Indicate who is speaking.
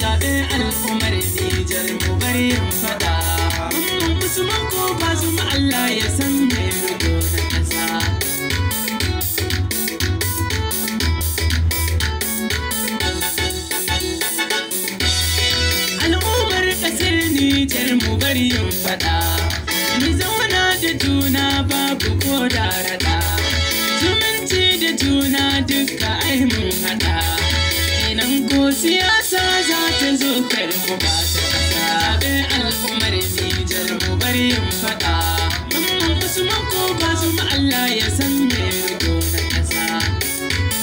Speaker 1: Zaɓen al'ummar Nijar mu bari fada. Wannan Usman ko ba zuma Allah ya san mai rugo na ƙasa.
Speaker 2: Al'ummar ƙasar Nijar mu bar bari faɗa, Mu zauna da juna ba siyasa za ta zo karfu ba ta kasa
Speaker 3: al'ummar nijar mu bari yin faɗa. Mamman Usman ko ba su Allah
Speaker 4: ya sa